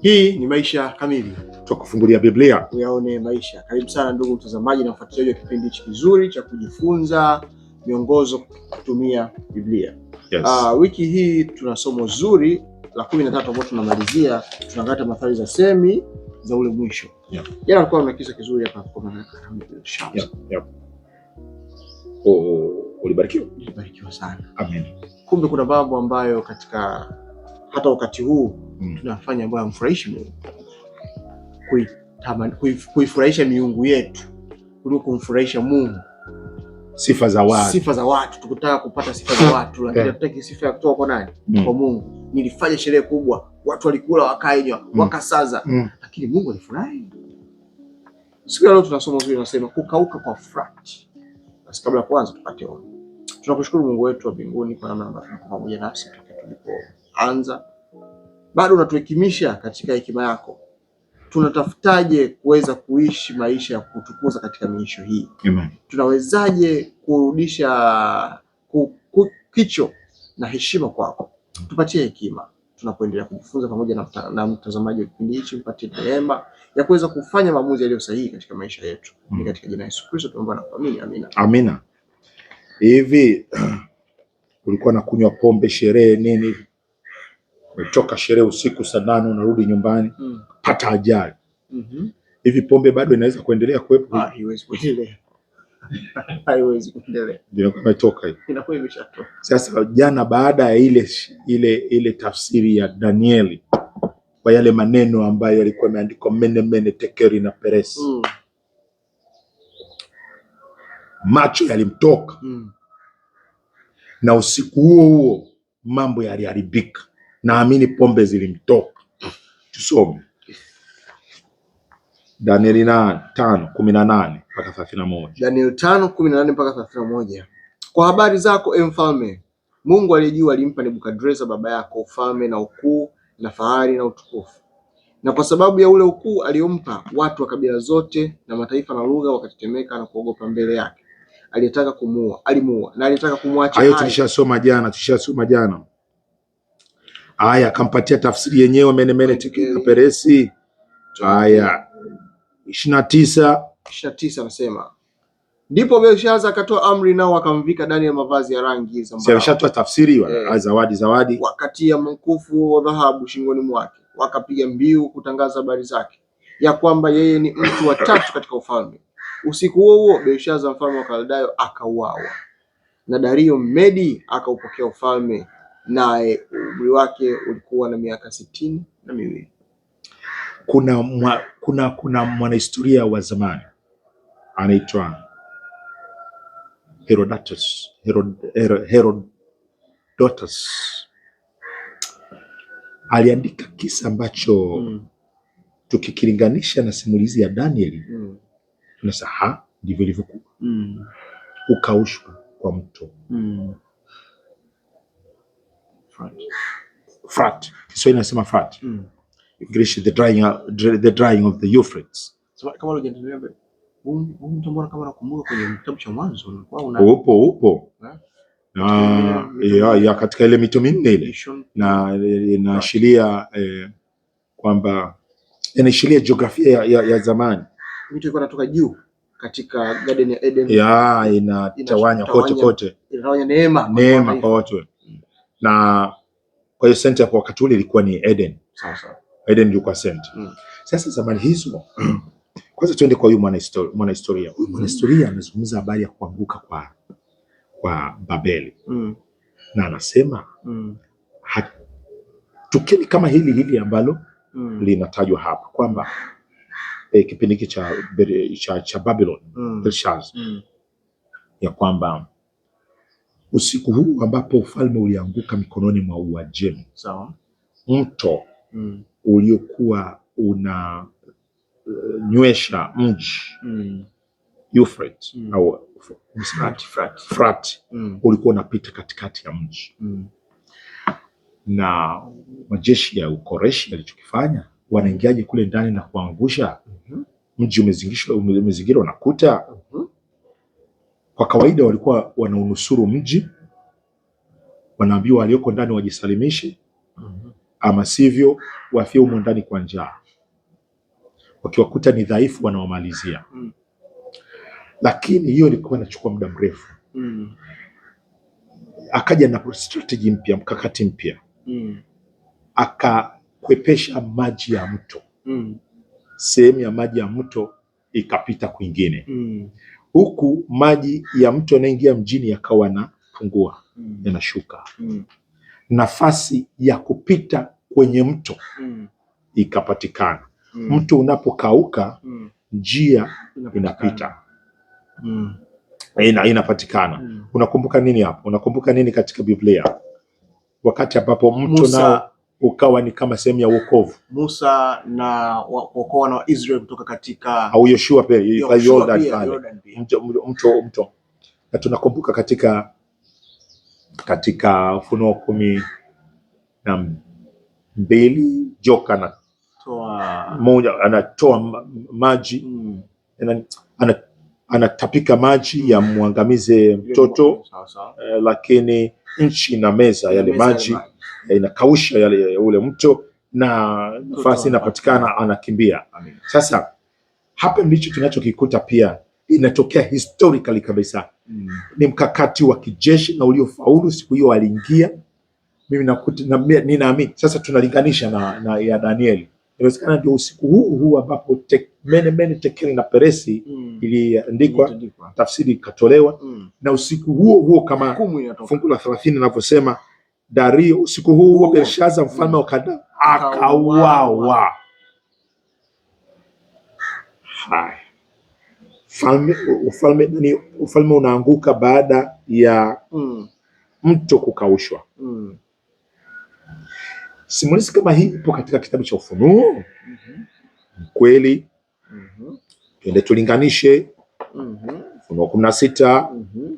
Hii ni Maisha Kamili, tukufungulia Biblia uyaone maisha. Karibu sana ndugu mtazamaji na mfuatiliaji wa kipindi hichi kizuri cha kujifunza miongozo kutumia Biblia. Yes. Uh, wiki hii tuna somo zuri la kumi na tatu ambao tunamalizia, tunangata Methali za semi za ule mwisho. Jana alikuwa na kisa kizuri hapa yeah. yeah. oh, ulibarikiwa? Ulibarikiwa sana. Amen. Kumbe kuna mambo ambayo katika hata wakati huu Mm. tunafanya ambayo amfurahishi Mungu, kuifurahisha miungu yetu kuliko kumfurahisha Mungu, sifa za watu, sifa za watu. Tukutaka kupata sifa za watu, lakini eh. hatutaki sifa ya kutoka kwa nani? mm. kwa Mungu. Nilifanya sherehe kubwa, watu walikula, mm. wakasaza mm. lakini Mungu alifurahi. Siku ya leo tunasoma vile nasema kukauka kwa furaha. Basi kabla kwanza tupate ombi. Tunakushukuru Mungu wetu wa mbinguni kwa namna ambavyo pamoja nasi tulipoanza bado unatuhekimisha katika hekima yako. Tunatafutaje kuweza kuishi maisha ya kutukuza katika miisho hii? Amen. Tunawezaje kurudisha kicho na heshima kwako? Tupatie hekima tunapoendelea kujifunza pamoja na, na mtazamaji wa kipindi hichi, mpatie neema ya kuweza kufanya maamuzi yaliyo sahihi katika maisha yetu. Mm. Ni katika jina Yesu Kristo tunaomba na kuamini, amina. Amina. Hivi ulikuwa nakunywa pombe sherehe nini? umetoka sherehe usiku saa nane unarudi nyumbani mm. pata ajali mm -hmm. hivi pombe bado inaweza kuendelea kuwepo? Ah, haiwezi kuendelea. Haiwezi kuendelea. Ndio kama itoka Inakuwa imeshatoka. Sasa jana baada ya ile ile ile tafsiri ya Danieli kwa yale maneno ambayo yalikuwa yameandikwa mene mene tekeri na peresi mm. macho yalimtoka mm. na usiku huo huo mambo yaliharibika naamini pombe zilimtoka. Tusome Danieli na tano kumi na nane mpaka thelathini na moja Danieli tano kumi na nane mpaka thelathini na moja Kwa habari zako e mfalme, Mungu aliye juu alimpa Nebukadreza baba yako ufalme na ukuu na fahari na utukufu, na kwa sababu ya ule ukuu aliompa, watu wa kabila zote na mataifa na lugha wakatetemeka na kuogopa mbele yake. Aliyetaka kumuua alimuua, na aliyetaka kumwacha hai. Hayo tulishasoma jana, tulishasoma jana Aya, akampatia tafsiri yenyewe mene mene tekeka peresi. Aya, ishirini na tisa ishirini na tisa anasema ndipo Belshaza akatoa amri, nao akamvika Daniel mavazi ya rangi zambarau. Ameshatoa tafsiri yeah. Zawadi zawadi, wakatia mkufu wa dhahabu shingoni mwake, wakapiga mbiu kutangaza habari zake ya kwamba yeye ni mtu wa tatu katika ufalme. Usiku huo huo Belshaza mfalme wa Kaldayo akauawa na Dario Medi akaupokea ufalme naye umri wake ulikuwa na miaka sitini na miwili. Kuna, kuna, kuna mwanahistoria wa zamani anaitwa Herodotus, Herod, Herod, Herodotus aliandika kisa ambacho mm. tukikilinganisha na simulizi ya Danieli mm. tunasaha ndivyo ilivyokuwa mm. ukaushwa kwa mto mm frat. Kiswahili nasema frat. Mm. English the drying the drying of the Euphrates. Upo upo eh? na eh, ya, ya katika ile mito minne ile na eh, inaashiria eh, kwamba inaashiria jiografia ya, ya, ya zamani. Mito ilikuwa inatoka juu katika Garden ya Eden. Ya inatawanya kote kote, inatawanya neema kwa watu na kwa hiyo center kwa wakati ule ilikuwa ni Eden. Sasa Eden kwa center. Mm. Sasa zamani hizo kwanza tuende kwa huyu mwanahistoria. historia. huyu mwanahistoria mm. anazungumza habari ya kuanguka kwa kwa Babeli. Mm. Na anasema mm. tukeni kama hili hili ambalo mm. linatajwa hapa kwamba eh, kipindi hiki cha cha, cha Babylon mm. Belshazzar mm. ya kwamba usiku huu ambapo ufalme ulianguka mikononi mwa Uajemi. Sawa. Mto mm. uliokuwa una uh, eh, nywesha mji mm. Euphrates mm. au Frati, Frat. Frat. Mm. ulikuwa unapita katikati ya mji mm. na majeshi ya Ukoreshi yalichokifanya, wanaingiaje kule ndani na kuangusha mm -hmm. mji umezingirwa, umezingirwa na kuta mhm. Kwa kawaida walikuwa wanaunusuru mji, wanaambiwa walioko ndani wajisalimishe, mhm. ama sivyo wafie humo ndani kwa njaa. Wakiwakuta ni dhaifu wanawamalizia, mm. lakini hiyo ilikuwa inachukua muda mrefu. Mm. Akaja na strategy mpya, mkakati mpya, mm. akakwepesha maji ya mto, sehemu ya maji ya mto ikapita kwingine huku maji ya mto anayeingia mjini yakawa yanapungua, mm. yanashuka mm. nafasi ya kupita kwenye mto mm. ikapatikana mm. mto unapokauka mm. njia inapita mm. ina, inapatikana mm. unakumbuka nini hapo? Unakumbuka nini katika Biblia wakati ambapo mto Musa, nao ukawa ni kama sehemu ya wokovu. Musa na wokoa na Israel kutoka katika au Yoshua pia Jordan pale mto mto, na tunakumbuka katika katika Ufunuo kumi na mbili joka na toa moja anatoa maji mm. ana, anatapika maji ya yamwangamize hmm. mtoto eh, lakini nchi na meza yale maji Eh, inakausha yale ule mto na nafasi inapatikana, anakimbia. Sasa hapa ndicho tunachokikuta pia inatokea historically kabisa mm. Ni mkakati wa kijeshi na uliofaulu. Siku hiyo aliingia, mimi ninaamini sasa tunalinganisha na, na ya Danieli, inawezekana ndio usiku huu huu ambapo tek, Menemene, Tekeli na Peresi mm. iliandikwa, tafsiri ikatolewa mm. na usiku huo huo kama fungu la thelathini inavyosema Dario. Usiku huu wa Belshaza mfalme wa Kada akauawa. Haya, ufalme ni Ufalme unaanguka baada ya hmm. mto kukaushwa hmm. Simulizi kama hii ipo katika kitabu cha Ufunuo mhm. Kweli mm Tuende tulinganishe mm Ufunuo kumi na sita mm -hmm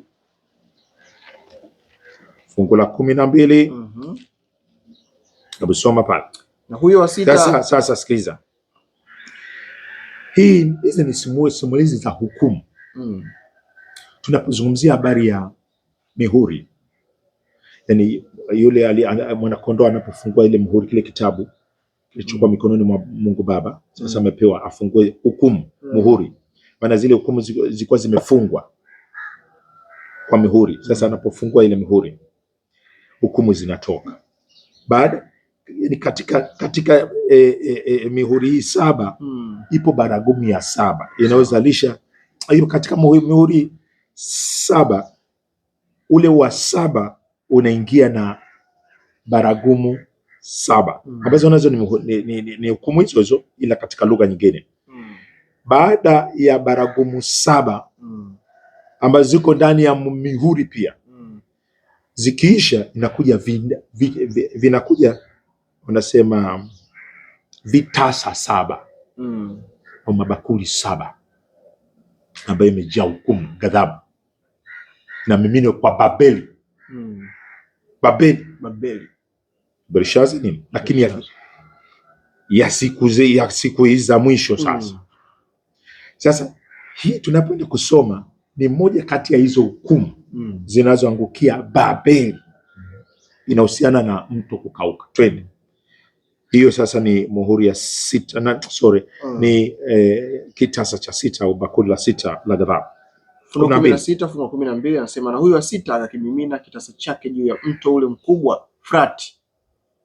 fungu la kumi na mbili mm -hmm. pale na huyo wa sita. Sasa, sasa sikiliza hii, hizi ni simulizi za hukumu mm. Tunapozungumzia habari ya mihuri, yani yule mwanakondoa anapofungua ile mihuri, kile kitabu kilichokuwa mm. mikononi mwa Mungu Baba, sasa mm. amepewa mm. afungue hukumu muhuri, mm. maana zile hukumu zilikuwa zimefungwa kwa mihuri, sasa anapofungua ile mihuri hukumu zinatoka baada katika katika e, e, e, mihuri hii saba hmm. Ipo baragumu ya saba inayozalisha hiyo. Katika mihuri saba ule wa saba unaingia na baragumu saba hmm. ambazo nazo ni hukumu hizo hizo, ila katika lugha nyingine hmm. Baada ya baragumu saba hmm. ambazo ziko ndani ya mihuri pia zikiisha inakuja vinakuja vi, vi, unasema vitasa saba mm. au mabakuli saba ambayo imejaa hukumu, ghadhabu na mimino kwa Babeli mm. Babeli, Babeli. Belshazi ni lakini ya, ya siku ya siku za mwisho mm. sasa mm. Sasa hii tunapoenda kusoma ni moja kati ya hizo hukumu mm. zinazoangukia Babeli inahusiana na mto kukauka. Twende hiyo sasa, ni muhuri ya sita na, sorry, mm. ni eh, kitasa cha sita au bakuli la sita la ghadhabu. Fungu kumi na sita fungu kumi na mbili anasema na huyo wa sita akakimimina kitasa chake juu ya mto ule mkubwa Frati,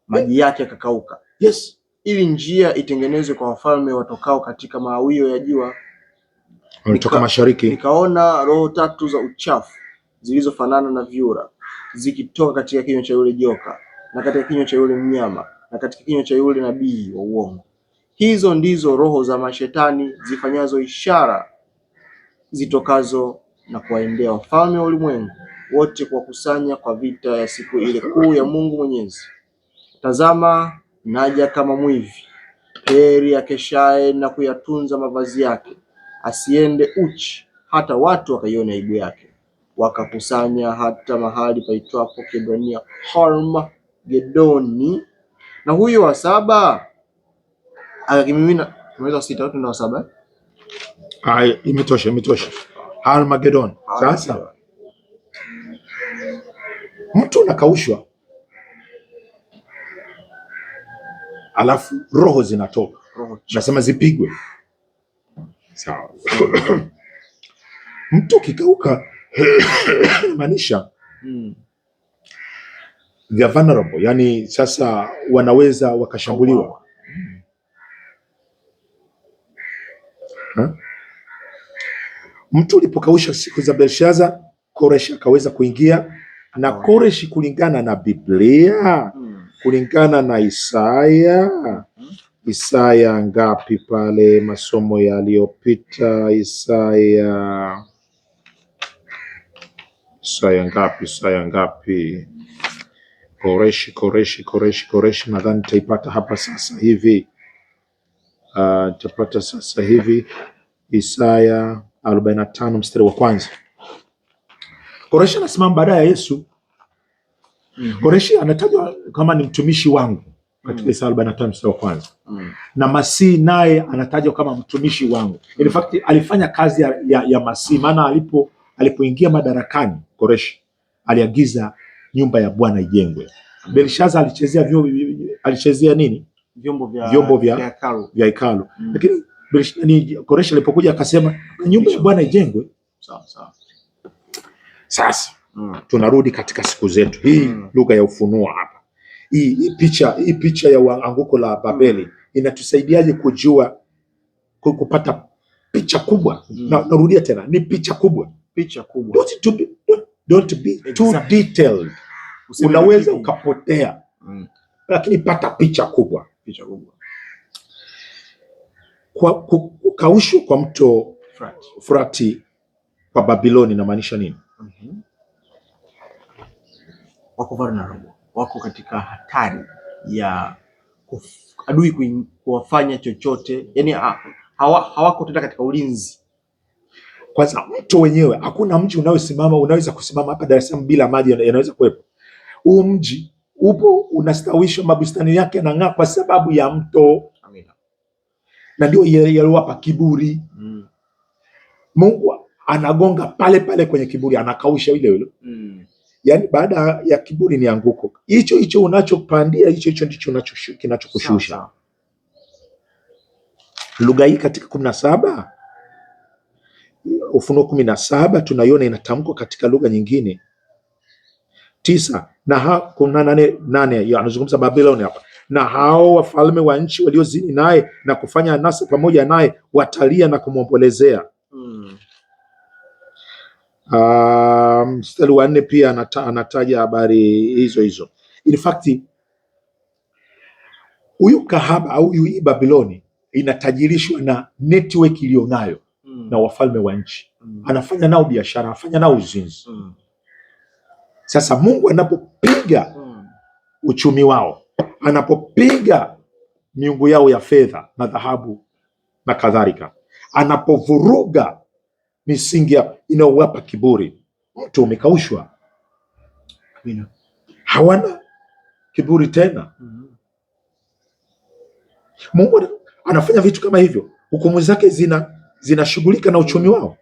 maji yake yakakauka. Yes, ili njia itengenezwe kwa wafalme watokao katika mawio ya jua, wanatoka mashariki. Nikaona roho tatu za uchafu zilizofanana na vyura zikitoka katika kinywa cha yule joka na katika kinywa cha yule mnyama na katika kinywa cha yule nabii wa uongo. Hizo ndizo roho za mashetani zifanyazo ishara zitokazo na kuwaendea wafalme wa ulimwengu wote kuwakusanya kwa vita ya siku ile kuu ya Mungu Mwenyezi. Tazama, naja kama mwivi. Heri akeshaye na kuyatunza mavazi yake, asiende uchi hata watu wakaione aibu yake wakakusanya hata mahali paitwapo Kiebrania Gedoni, Na huyu wa saba akakimimina, ah, tumeweza sita, tuna wa saba. Haya, eh? imetosha, imetosha. Harmagedoni. Sasa mtu nakaushwa alafu roho zinatoka, nasema zipigwe. Sawa. mtu ukikauka maanisha mm. they are vulnerable, yani sasa wanaweza wakashambuliwa. oh, hmm. wow. hmm. Mtu ulipokausha siku za Belshaza, Koresh akaweza kuingia na Koreshi kulingana na Biblia mm. kulingana na Isaya mm. Isaya ngapi pale masomo yaliyopita Isaya Saya ngapi? Saya ngapi? Koreshi, Koreshi, Koreshi, Koreshi. Nadhani taipata hapa sasa hivi, uh, ah, tapata sasa hivi Isaya arobaini tano mstari wa kwanza. Koreshi anasimama baada ya Yesu. Mm -hmm. Koreshi anatajwa kama ni mtumishi wangu katika mhm. Isaya arobaini na tano mstari wa kwanza mm na Masihi naye anatajwa kama mtumishi wangu. In mhm. fact, alifanya kazi ya, ya, ya Masihi maana alipo alipoingia madarakani Koreshi aliagiza nyumba ya Bwana ijengwe. Belshaza alichezea alichezea nini? Vyombo vya vyombo vya vya hekalu. Mm. Lakini ni Koreshi alipokuja akasema nyumba ya Bwana ijengwe. Sawa sawa. Sasa mm. tunarudi katika siku zetu hii mm. lugha ya ufunuo hapa hii, hii picha hii picha ya anguko la Babeli mm. inatusaidiaje kujua kupata picha kubwa mm. na narudia tena ni picha kubwa, picha kubwa. Don't, don't, Don't be exactly. too detailed. Useme unaweza ukapotea mm. Lakini pata picha kubwa, picha kubwa. Kwa kukaushwa kwa mto Frati, Frati kwa Babiloni inamaanisha nini? mm -hmm. Wako vulnerable, wako katika hatari ya adui kuwafanya chochote, yani hawako hawa tena katika ulinzi kwanza mto wenyewe, hakuna mji unaosimama unaweza kusimama hapa Dar es Salaam bila maji yanaweza kuwepo. Huu mji upo unastawishwa, mabustani yake yanang'aa kwa sababu ya mto. Amina. Na ndio yaliwapa kiburi mm. Mungu anagonga pale pale kwenye kiburi, anakausha ile ile mm. Yani baada ya kiburi ni anguko. Hicho hicho unachopandia hicho hicho ndicho kinachokushusha. Lugha hii katika kumi na saba Ufunuo kumi na saba tunaiona inatamkwa katika lugha nyingine tisa na ha, kuna nane, nane anazungumza Babiloni hapa na hao wafalme wa nchi waliozini naye na kufanya nasa pamoja naye watalia na kumwombolezea. hmm. Um, mstari wa nne pia anata, anataja habari hizo hizo. In fact huyu kahaba au huyu Babiloni inatajirishwa na network iliyonayo na wafalme wa nchi, anafanya nao biashara, anafanya nao uzinzi. Sasa Mungu anapopiga uchumi wao, anapopiga miungu yao ya fedha na dhahabu na kadhalika, anapovuruga misingi inayowapa kiburi, mtu umekaushwa, hawana kiburi tena. Mm-hmm. Mungu anafanya vitu kama hivyo, hukumu zake zina zinashughulika na uchumi wao.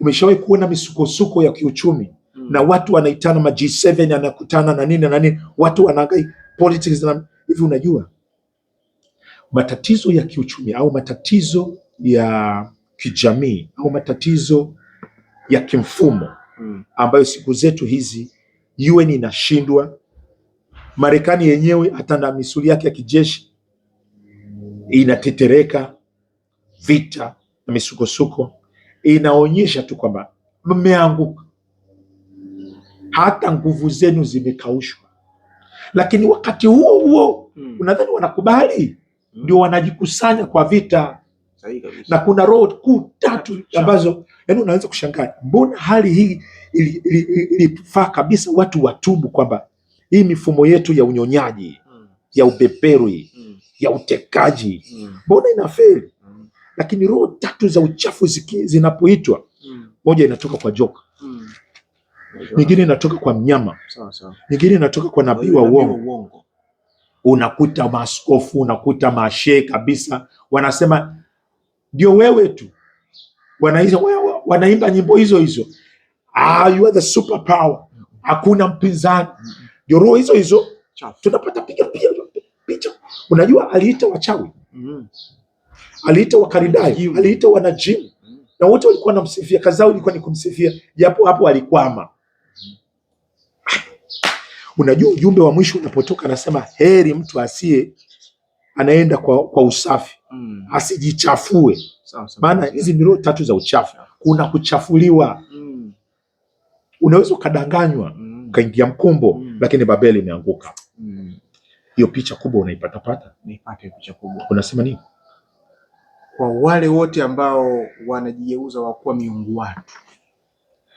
Umeshawahi kuona misukosuko ya kiuchumi na mm. watu wanaitana ma G7 anakutana na nini na nini, watu wanaangai politics na hivi. Unajua matatizo ya kiuchumi au matatizo ya kijamii au matatizo ya kimfumo mm. ambayo siku zetu hizi UN inashindwa, Marekani yenyewe hata na misuli yake ya kijeshi inatetereka, vita na misukosuko inaonyesha tu kwamba mmeanguka, hata nguvu zenu zimekaushwa. Lakini wakati huo huo hmm. unadhani wanakubali hmm. ndio wanajikusanya kwa vita na kuna roho kuu tatu ambazo yani unaweza kushangaa, mbona hali hii ilifaa ili, ili, ili, kabisa watu watubu kwamba hii mifumo yetu ya unyonyaji mm. ya ubeperi mm. ya utekaji hmm. mbona mm. inafeli? lakini roho tatu za uchafu zinapoitwa mm. moja inatoka kwa joka mm. nyingine inatoka kwa mnyama nyingine inatoka kwa nabii wa uongo. Unakuta maaskofu unakuta mashehe kabisa wanasema ndio wewe tu, wanaimba nyimbo hizo hizo ah, you are the super power. Hakuna mpinzani, ndio roho hizo hizo tunapata piga picha. Unajua aliita wachawi mm aliita wakaridai, aliita wanajimu mm-hmm. na wote walikuwa wanamsifia. Kazi zao ilikuwa ni kumsifia, japo hapo alikwama. Ah. Unajua, ujumbe wa mwisho unapotoka anasema, heri mtu asiye anaenda kwa, kwa usafi mm. asijichafue maana hizi ni roho tatu za uchafu. Kuna kuchafuliwa mm. unaweza ukadanganywa mm. ukaingia mkumbo mm. lakini Babeli imeanguka mm. hiyo mm. picha kubwa unaipatapata, unasema nini? kwa wale wote ambao wanajigeuza wakuwa miungu watu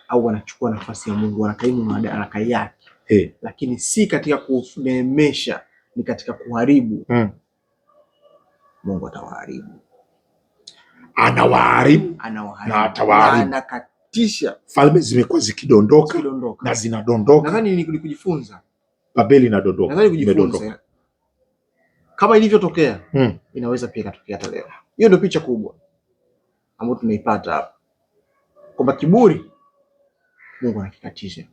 au wanachukua nafasi ya Mungu, wanakaimu madaraka yake hey. Lakini si katika kuneemesha, ni katika kuharibu hmm. Mungu atawaharibu, anawaharibu, na atawaharibu, anakatisha. Falme zimekuwa zikidondoka na zinadondoka. Nadhani ni kujifunza, Babeli inadondoka, nadhani kujifunza kama ilivyotokea hmm, inaweza pia ikatokea hata leo. Hiyo ndio picha kubwa ambayo tunaipata hapa kwamba kiburi Mungu anakikatisha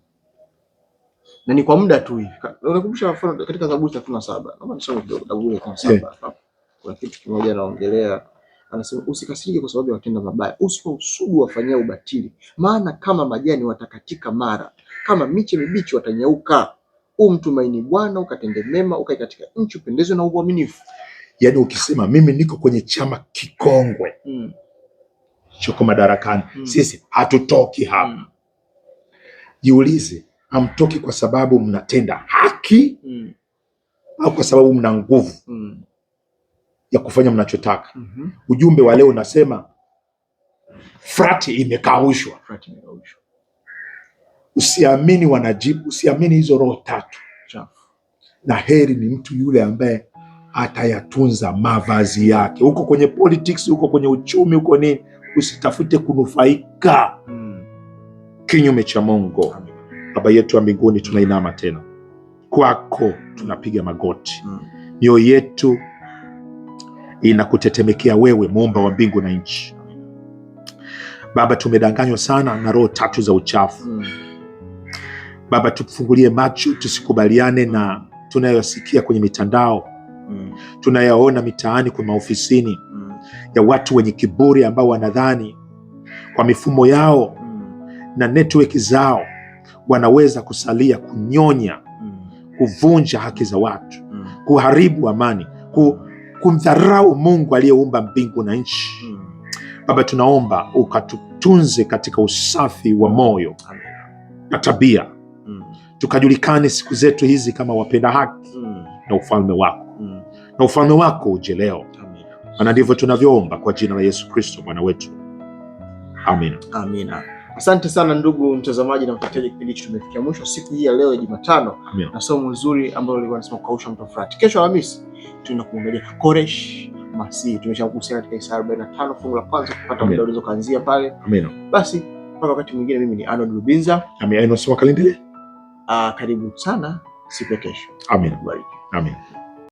na ni kwa muda tu hivi. Unakumbusha mfano katika Zaburi 37. naomba nisome kidogo Zaburi 37 na saba hapa. Kuna kitu kimoja anaongelea, anasema usikasirike kwa sababu ya watenda mabaya, usiwe usugu wafanyao ubatili, maana kama majani watakatika mara, kama miche mibichi watanyauka umtumaini Bwana ukatende mema, ukae katika nchi upendezwe na uaminifu. Yaani ukisema mimi niko kwenye chama kikongwe mm. choko madarakani mm. sisi hatutoki hapa mm. Jiulize, hamtoki kwa sababu mnatenda haki mm. au kwa sababu mna nguvu mm. ya kufanya mnachotaka mm -hmm. Ujumbe wa leo unasema frati imekaushwa, frati imekaushwa. Usiamini wanajibu, usiamini hizo roho tatu Na heri ni mtu yule ambaye atayatunza mavazi yake. Huko kwenye politics, huko kwenye uchumi, huko nini, usitafute kunufaika hmm. kinyume cha Mungu. Baba yetu wa mbinguni, tunainama tena kwako, tunapiga magoti hmm, mioyo yetu inakutetemekea wewe, muumba wa mbingu na nchi. Baba, tumedanganywa sana na roho tatu za uchafu hmm. Baba, tufungulie macho, tusikubaliane na tunayosikia kwenye mitandao mm. tunayaona mitaani kwa maofisini mm. ya watu wenye kiburi ambao wanadhani kwa mifumo yao mm. na network zao wanaweza kusalia kunyonya mm. kuvunja haki za watu mm. kuharibu amani ku, mm. kumdharau Mungu aliyeumba mbingu na nchi mm. Baba, tunaomba ukatutunze katika usafi wa moyo Amen. na tabia tukajulikane siku zetu hizi kama wapenda haki mm. na ufalme wako mm. na ufalme wako uje leo, na ndivyo tunavyoomba kwa jina la Yesu Kristo Bwana wetu, amina, amina. Asante sana ndugu mtazamaji na mtafutaji, kipindi hicho tumefikia mwisho siku hii ya leo ya Jumatano na somo zuri ambalo lilikuwa nasema kukausha mto Frati. Kesho Alhamisi tunakuangalia Koresh Masihi, tumeshagusia katika Isaya 45 fungu la kwanza kupata muda ulizokaanzia pale. Amina. Basi mpaka wakati mwingine, mimi ni Arnold Rubinza na mimi Enos Makalindile. Uh, karibu sana siku ya kesho. Amin. Bariki. Amin.